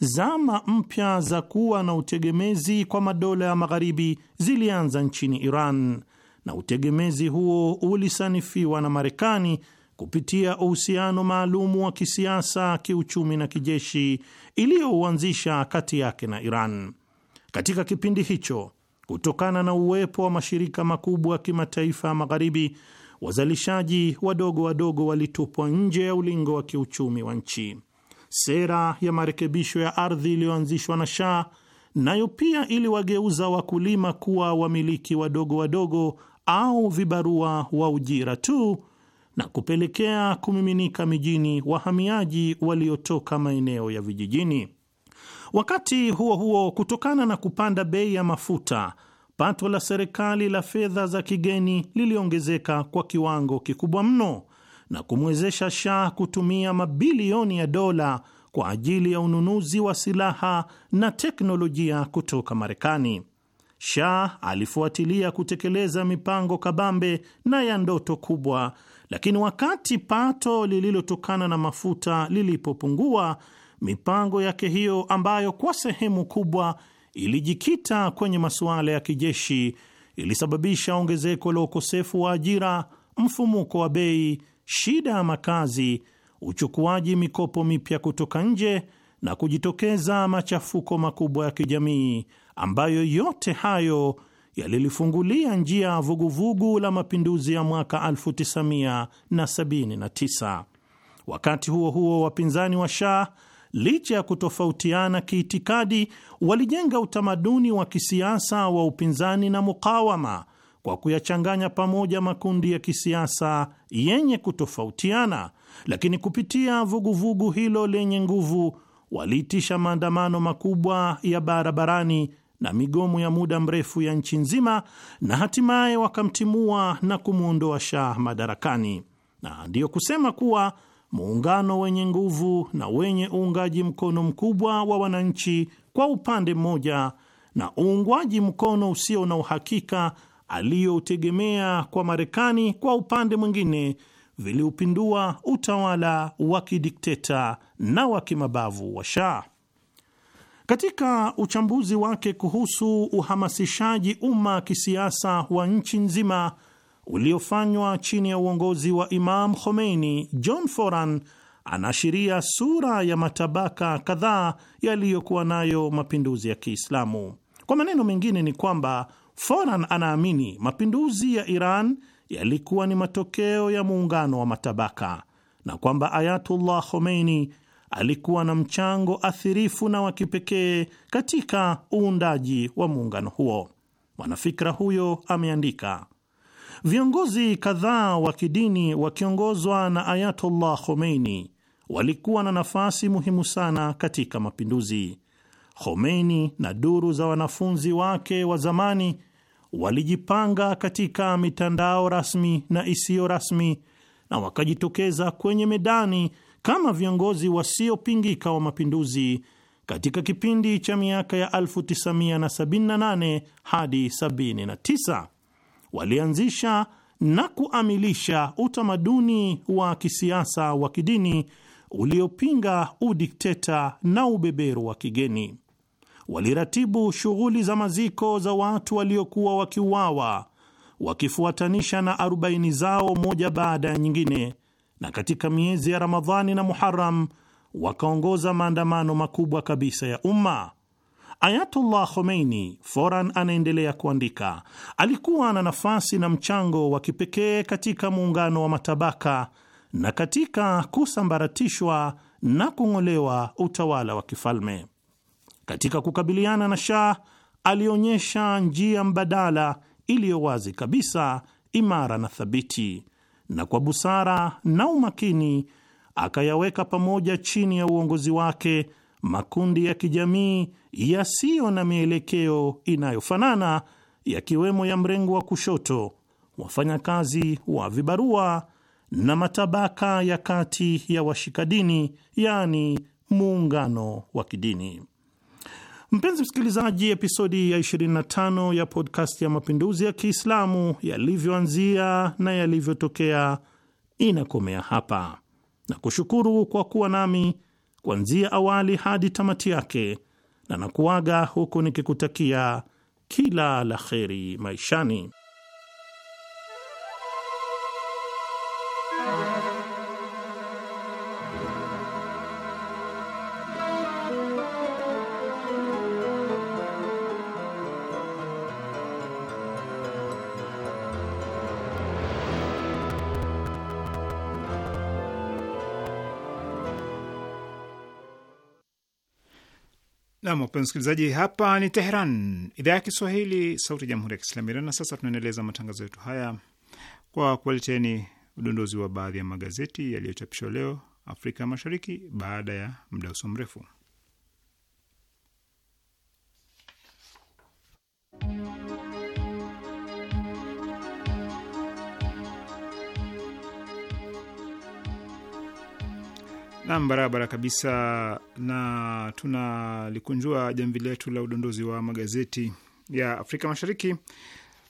zama mpya za kuwa na utegemezi kwa madola ya magharibi zilianza nchini Iran, na utegemezi huo ulisanifiwa na Marekani kupitia uhusiano maalumu wa kisiasa, kiuchumi na kijeshi iliyouanzisha kati yake na Iran. Katika kipindi hicho, kutokana na uwepo wa mashirika makubwa ya kimataifa ya magharibi wazalishaji wadogo wadogo walitupwa nje ya ulingo wa kiuchumi wa nchi. Sera ya marekebisho ya ardhi iliyoanzishwa na Shah nayo pia iliwageuza wakulima kuwa wamiliki wadogo wadogo au vibarua wa ujira tu na kupelekea kumiminika mijini wahamiaji waliotoka maeneo ya vijijini. Wakati huo huo, kutokana na kupanda bei ya mafuta pato la serikali la fedha za kigeni liliongezeka kwa kiwango kikubwa mno na kumwezesha Shah kutumia mabilioni ya dola kwa ajili ya ununuzi wa silaha na teknolojia kutoka Marekani. Shah alifuatilia kutekeleza mipango kabambe na ya ndoto kubwa, lakini wakati pato lililotokana na mafuta lilipopungua, mipango yake hiyo ambayo kwa sehemu kubwa ilijikita kwenye masuala ya kijeshi ilisababisha ongezeko la ukosefu wa ajira, mfumuko wa bei, shida ya makazi, uchukuaji mikopo mipya kutoka nje na kujitokeza machafuko makubwa ya kijamii ambayo yote hayo yalilifungulia njia vuguvugu vugu la mapinduzi ya mwaka 1979. Wakati huo huo, wapinzani wa Shah licha ya kutofautiana kiitikadi, walijenga utamaduni wa kisiasa wa upinzani na mukawama kwa kuyachanganya pamoja makundi ya kisiasa yenye kutofautiana, lakini kupitia vuguvugu vugu hilo lenye nguvu waliitisha maandamano makubwa ya barabarani na migomo ya muda mrefu ya nchi nzima na hatimaye wakamtimua na kumwondoa Shah madarakani, na ndiyo kusema kuwa muungano wenye nguvu na wenye uungaji mkono mkubwa wa wananchi kwa upande mmoja, na uungwaji mkono usio na uhakika aliyoutegemea kwa Marekani kwa upande mwingine, viliupindua utawala wa kidikteta na wa kimabavu wa Shah. Katika uchambuzi wake kuhusu uhamasishaji umma kisiasa wa nchi nzima uliofanywa chini ya uongozi wa Imam Khomeini, John Foran anaashiria sura ya matabaka kadhaa yaliyokuwa nayo mapinduzi ya Kiislamu. Kwa maneno mengine, ni kwamba Foran anaamini mapinduzi ya Iran yalikuwa ni matokeo ya muungano wa matabaka na kwamba Ayatullah Khomeini alikuwa na mchango athirifu na wa kipekee katika uundaji wa muungano huo. Mwanafikra huyo ameandika: Viongozi kadhaa wa kidini wakiongozwa na Ayatollah Khomeini walikuwa na nafasi muhimu sana katika mapinduzi. Khomeini na duru za wanafunzi wake wa zamani walijipanga katika mitandao rasmi na isiyo rasmi na wakajitokeza kwenye medani kama viongozi wasiopingika wa mapinduzi katika kipindi cha miaka ya 1978 hadi 79 walianzisha na kuamilisha utamaduni wa kisiasa wa kidini uliopinga udikteta na ubeberu wa kigeni. Waliratibu shughuli za maziko za watu waliokuwa wakiuawa, wakifuatanisha na arobaini zao moja baada ya nyingine, na katika miezi ya Ramadhani na Muharam wakaongoza maandamano makubwa kabisa ya umma Ayatullah Khomeini, Foran anaendelea kuandika, alikuwa na nafasi na mchango wa kipekee katika muungano wa matabaka na katika kusambaratishwa na kung'olewa utawala wa kifalme. Katika kukabiliana na Shah alionyesha njia mbadala iliyo wazi kabisa, imara na thabiti, na kwa busara na umakini akayaweka pamoja chini ya uongozi wake makundi ya kijamii yasiyo na mielekeo inayofanana yakiwemo ya mrengo wa kushoto, wafanyakazi wa vibarua na matabaka ya kati ya washikadini, yaani muungano wa kidini. Mpenzi msikilizaji, episodi ya 25 ya podcast ya mapinduzi ya Kiislamu yalivyoanzia na yalivyotokea inakomea hapa, na kushukuru kwa kuwa nami kuanzia awali hadi tamati yake na nakuaga huku nikikutakia kila la kheri maishani. Wapenzi msikilizaji, hapa ni Teheran, idhaa ya Kiswahili, sauti ya jamhuri ya kiislamu Iran. Na sasa tunaendeleza matangazo yetu haya kwa kuwaleteni udondozi wa baadhi ya magazeti yaliyochapishwa leo Afrika Mashariki baada ya muda usio mrefu. Nam, barabara kabisa, na tunalikunjua jamvi letu la udondozi wa magazeti ya Afrika Mashariki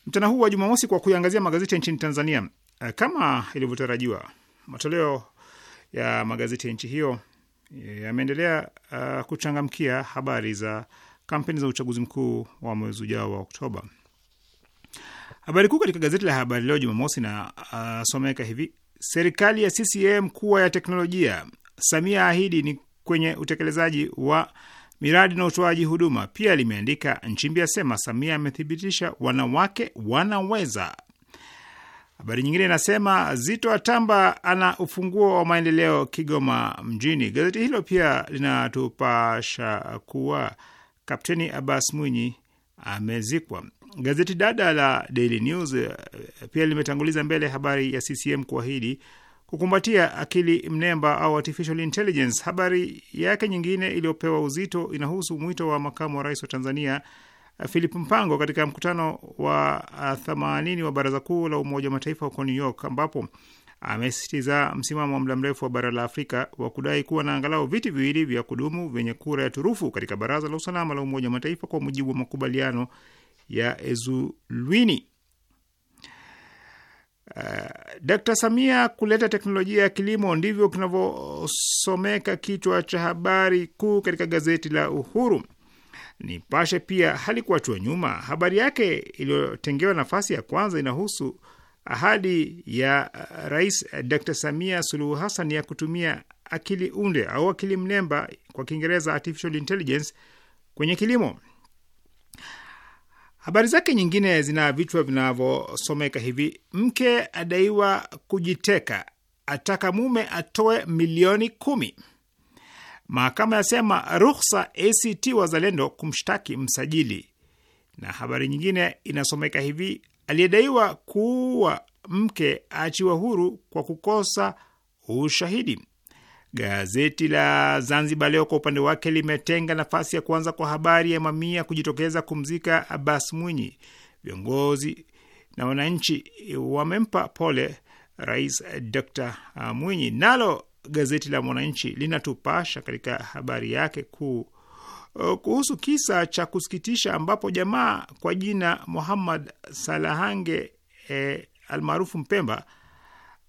mchana huu wa Jumamosi kwa kuiangazia magazeti ya nchini Tanzania. Eh, kama ilivyotarajiwa, matoleo ya magazeti ya nchi hiyo eh, yameendelea uh, kuchangamkia habari za kampeni za uchaguzi mkuu wa mwezi ujao wa Oktoba. Habari kuu katika gazeti la Habari Leo Jumamosi na uh, hivi: serikali ya CCM kuwa ya teknolojia, Samia ahidi ni kwenye utekelezaji wa miradi na utoaji huduma. Pia limeandika Nchimbi asema Samia amethibitisha wanawake wanaweza. Habari nyingine inasema Zito atamba ana ufunguo wa maendeleo Kigoma mjini. Gazeti hilo pia linatupasha kuwa Kapteni Abbas Mwinyi amezikwa. Gazeti dada la Daily News eh, pia limetanguliza mbele habari ya CCM kuahidi kukumbatia akili mnemba au artificial intelligence. Habari yake nyingine iliyopewa uzito inahusu mwito wa makamu wa rais wa Tanzania uh, Philip Mpango katika mkutano wa 80 uh, wa Baraza Kuu la Umoja wa Mataifa huko New York, ambapo amesisitiza msimamo wa muda mrefu wa bara la Afrika wa kudai kuwa na angalau viti viwili vya kudumu vyenye kura ya turufu katika Baraza la Usalama la Umoja wa Mataifa kwa mujibu wa makubaliano ya Ezulwini. Eh, Dkt. Samia kuleta teknolojia ya kilimo, ndivyo kinavyosomeka kichwa cha habari kuu katika gazeti la Uhuru. Nipashe pia halikuachwa nyuma. Habari yake iliyotengewa nafasi ya kwanza inahusu ahadi ya eh, Rais eh, Dkt. Samia Suluhu Hassan ya kutumia akili unde au akili mnemba, kwa Kiingereza artificial intelligence, kwenye kilimo. Habari zake nyingine zina vichwa vinavyosomeka hivi: mke adaiwa kujiteka, ataka mume atoe milioni kumi. Mahakama yasema ruhusa ACT Wazalendo kumshtaki msajili, na habari nyingine inasomeka hivi: aliyedaiwa kuua mke aachiwa huru kwa kukosa ushahidi. Gazeti la Zanzibar Leo kwa upande wake limetenga nafasi ya kwanza kwa habari ya mamia kujitokeza kumzika Abbas Mwinyi. Viongozi na wananchi wamempa pole Rais Dr uh, Mwinyi. Nalo gazeti la Mwananchi linatupasha katika habari yake kuu uh, kuhusu kisa cha kusikitisha ambapo jamaa kwa jina Muhammad Salahange eh, almaarufu Mpemba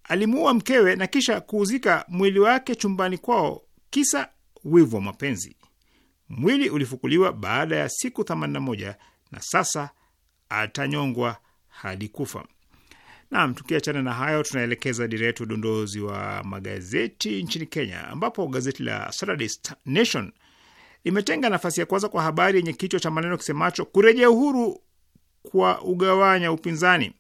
alimuua mkewe na kisha kuuzika mwili wake chumbani kwao, kisa wivu wa mapenzi. Mwili ulifukuliwa baada ya siku 81 na sasa atanyongwa hadi kufa. Naam, tukiachana na hayo, tunaelekeza dira yetu udondozi wa magazeti nchini Kenya, ambapo gazeti la Saturday Nation limetenga nafasi ya kwanza kwa habari yenye kichwa cha maneno kisemacho kurejea uhuru kwa ugawanya upinzani.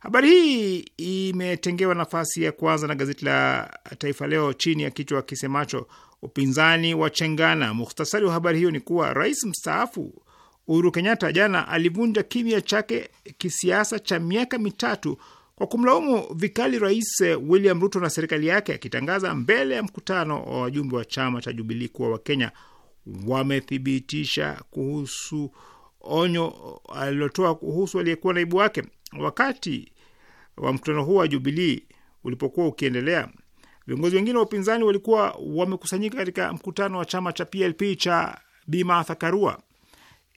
Habari hii imetengewa nafasi ya kwanza na gazeti la Taifa Leo chini ya kichwa kisemacho upinzani wa chengana. Mukhtasari wa habari hiyo ni kuwa rais mstaafu Uhuru Kenyatta jana alivunja kimya chake kisiasa cha miaka mitatu kwa kumlaumu vikali Rais William Ruto na serikali yake, akitangaza mbele ya mkutano wa wajumbe wa chama cha Jubilii kuwa Wakenya wamethibitisha kuhusu onyo alilotoa kuhusu aliyekuwa naibu wake. Wakati wa mkutano huo wa Jubilii ulipokuwa ukiendelea, viongozi wengine wa upinzani walikuwa wamekusanyika katika mkutano wa chama cha PLP cha Bi Martha Karua,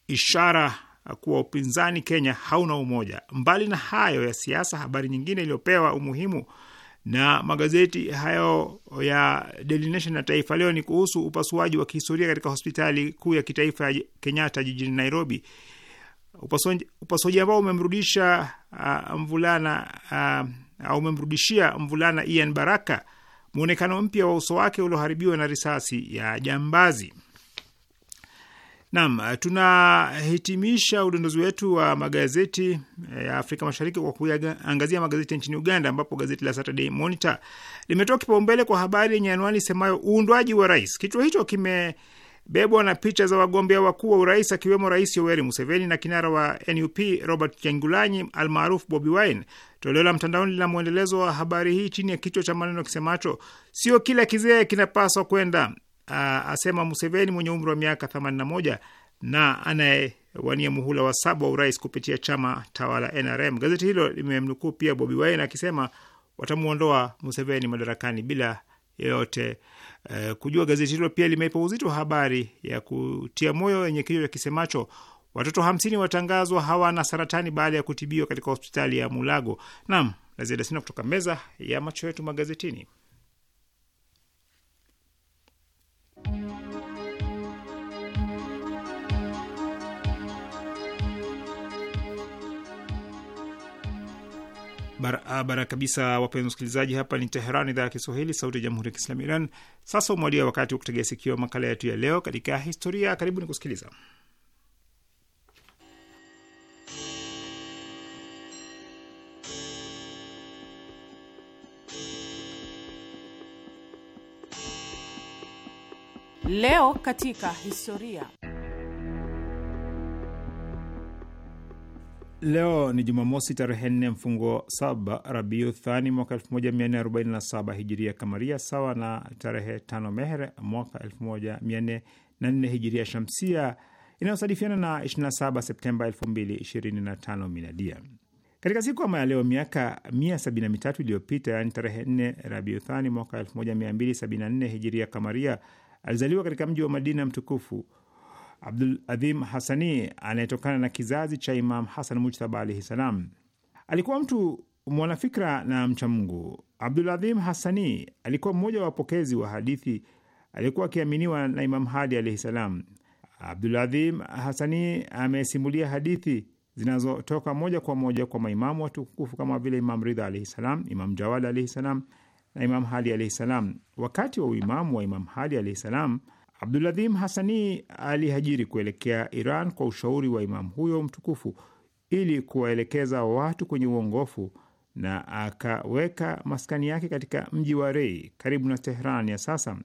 ishara kuwa upinzani Kenya hauna umoja. Mbali na hayo ya siasa, habari nyingine iliyopewa umuhimu na magazeti hayo ya Daily Nation na Taifa Leo ni kuhusu upasuaji wa kihistoria katika hospitali kuu ya kitaifa ya Kenyatta jijini Nairobi Upasuaji ambao umemrudisha uh, mvulana uh, umemrudishia mvulana Ian Baraka mwonekano mpya wa uso wake ulioharibiwa na risasi ya jambazi. Naam, tunahitimisha udondozi wetu wa magazeti e, ya Afrika Mashariki kwa kuangazia magazeti nchini Uganda, ambapo gazeti la Saturday Monitor limetoa kipaumbele kwa habari yenye anwani semayo uundwaji wa rais. Kichwa hicho kime imebebwa na picha za wagombea wakuu wa urais akiwemo Rais Yoweri Museveni na kinara wa NUP Robert Kyagulanyi almaarufu Bobi Wine. Toleo la mtandaoni lina mwendelezo wa habari hii chini ya kichwa cha maneno kisemacho sio kila kizee kinapaswa kwenda, asema Museveni mwenye umri wa miaka 81 na anayewania muhula wa saba wa urais kupitia chama tawala NRM. Gazeti hilo limemnukuu pia Bobi Wine akisema watamwondoa Museveni madarakani bila yoyote Eh, kujua gazeti hilo pia limeipa uzito habari ya kutia moyo yenye kichwa kisemacho watoto hamsini watangazwa hawana saratani baada ya kutibiwa katika hospitali ya Mulago. Naam, la ziada sina kutoka meza ya macho yetu magazetini. barabara ah, kabisa, wapenzi wasikilizaji, hapa ni Teheran, idhaa ya Kiswahili, sauti ya jamhuri ya kiislamu Iran. Sasa umewadia wakati wa kutegea sikio makala yetu ya leo, katika historia. Karibuni kusikiliza. Leo katika historia Leo ni Jumamosi tarehe nne mfungo saba Rabiu Thani mwaka 1447 hijiria kamaria, sawa na tarehe tano Meher mwaka 1404 hijiria shamsia inayosadifiana na 27 Septemba 2025 minadia. Katika siku ama ya leo miaka 173 iliyopita, yaani tarehe 4 Rabiu Thani mwaka 1274 hijiria kamaria, alizaliwa katika mji wa Madina mtukufu Abdul Adhim Hasani anayetokana na kizazi cha Imam Hasan Mujtaba alaihi salam. Alikuwa mtu mwanafikra na mchamungu. Abdul Adhim Hasani alikuwa mmoja wa wapokezi wa hadithi aliyekuwa akiaminiwa na Imam Hadi alaihi salam. Abdul Adhim Hasani amesimulia hadithi zinazotoka moja kwa moja kwa maimamu watukufu kama vile Imam Ridha alaihi salam, Imam Jawad alaihi salam na Imam Hadi alaihi salam. Wakati wa uimamu wa Imam Hadi alaihi salam Abduladhim Hasani alihajiri kuelekea Iran kwa ushauri wa imamu huyo mtukufu ili kuwaelekeza watu kwenye uongofu na akaweka maskani yake katika mji wa Rei karibu na Tehran ya sasa.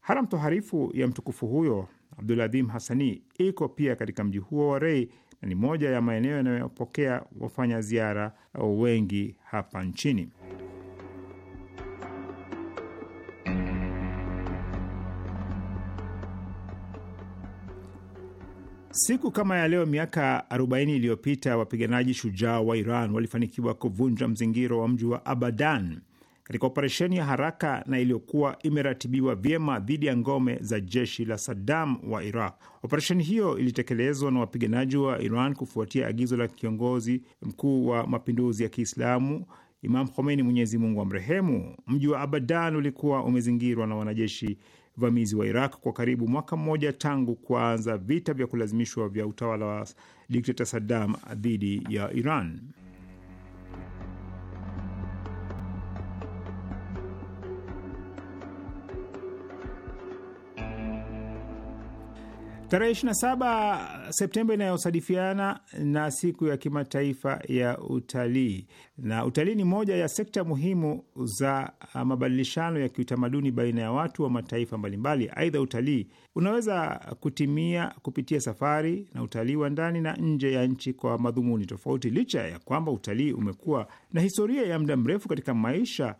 Haram toharifu ya mtukufu huyo Abduladhim Hasani iko pia katika mji huo wa Rei na ni moja ya maeneo yanayopokea wafanya ziara wengi hapa nchini. Siku kama ya leo miaka 40 iliyopita wapiganaji shujaa wa Iran walifanikiwa kuvunja mzingiro wa mji wa Abadan katika operesheni ya haraka na iliyokuwa imeratibiwa vyema dhidi ya ngome za jeshi la Saddam wa Iraq. Operesheni hiyo ilitekelezwa na wapiganaji wa Iran kufuatia agizo la kiongozi mkuu wa mapinduzi ya Kiislamu Imam Khomeini, Mwenyezi Mungu amrehemu. Mji wa Abadan ulikuwa umezingirwa na wanajeshi vamizi wa Iraq kwa karibu mwaka mmoja tangu kuanza vita vya kulazimishwa vya utawala wa dikteta Saddam dhidi ya Iran. Tarehe 27 Septemba inayosadifiana na siku ya kimataifa ya utalii, na utalii ni moja ya sekta muhimu za ah, mabadilishano ya kiutamaduni baina ya watu wa mataifa mbalimbali. Aidha, utalii unaweza kutimia kupitia safari na utalii wa ndani na nje ya nchi kwa madhumuni tofauti. Licha ya kwamba utalii umekuwa na historia ya muda mrefu katika maisha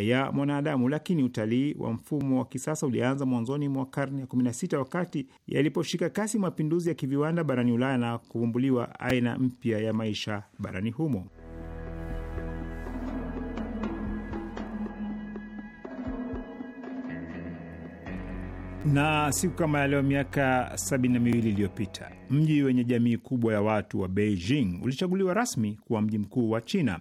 ya mwanadamu. Lakini utalii wa mfumo wa kisasa ulianza mwanzoni mwa karne ya 16 wakati yaliposhika kasi mapinduzi ya kiviwanda barani Ulaya na kuvumbuliwa aina mpya ya maisha barani humo. na siku kama ya leo miaka sabini na miwili iliyopita mji wenye jamii kubwa ya watu wa Beijing ulichaguliwa rasmi kuwa mji mkuu wa China.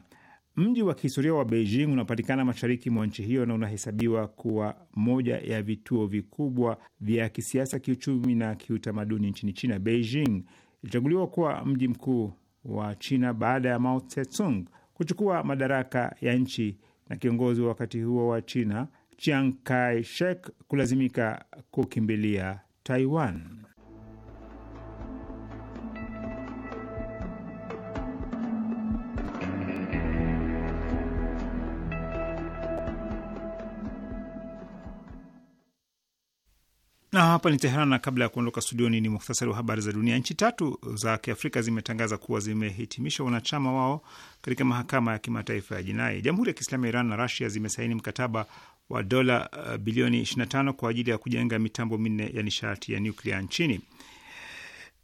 Mji wa kihistoria wa Beijing unapatikana mashariki mwa nchi hiyo na unahesabiwa kuwa moja ya vituo vikubwa vya kisiasa, kiuchumi na kiutamaduni nchini China. Beijing ilichaguliwa kuwa mji mkuu wa China baada ya Mao Tse-tung kuchukua madaraka ya nchi na kiongozi wa wakati huo wa China Chiang Kai-shek kulazimika kukimbilia Taiwan. Na hapa ni Teheran, na kabla ya kuondoka studioni ni muhtasari wa habari za dunia. Nchi tatu za Kiafrika zimetangaza kuwa zimehitimisha wanachama wao katika mahakama ya kimataifa ya jinai. Jamhuri ya Kiislamu ya Iran na Rasia zimesaini mkataba wa dola eh, bilioni 25 kwa ajili ya kujenga mitambo minne ya nishati ya nuklia nchini.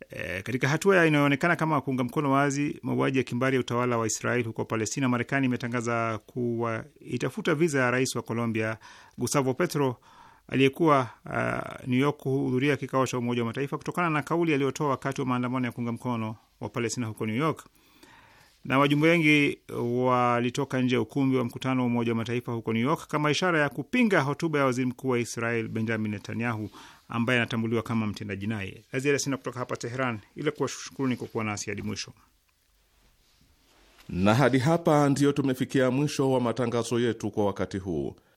E, katika hatua inayoonekana kama kuunga mkono wazi mauaji ya kimbari ya utawala wa Israel huko Palestina, Marekani imetangaza kuwa itafuta viza ya rais wa Colombia Gustavo Petro aliyekuwa uh, New York kuhudhuria kikao cha Umoja wa Mataifa kutokana na kauli aliyotoa wakati wa maandamano ya kuunga mkono wa Palestina huko New York, na wajumbe wengi walitoka nje ya ukumbi wa mkutano wa Umoja wa Mataifa huko New York kama ishara ya kupinga hotuba ya waziri mkuu wa Israel Benjamin Netanyahu ambaye anatambuliwa kama mtenda jinai. La ziada sina kutoka hapa Teheran ila kuwashukuruni kwa kuwa nasi hadi mwisho. Na hadi hapa ndiyo tumefikia mwisho wa matangazo yetu kwa wakati huu.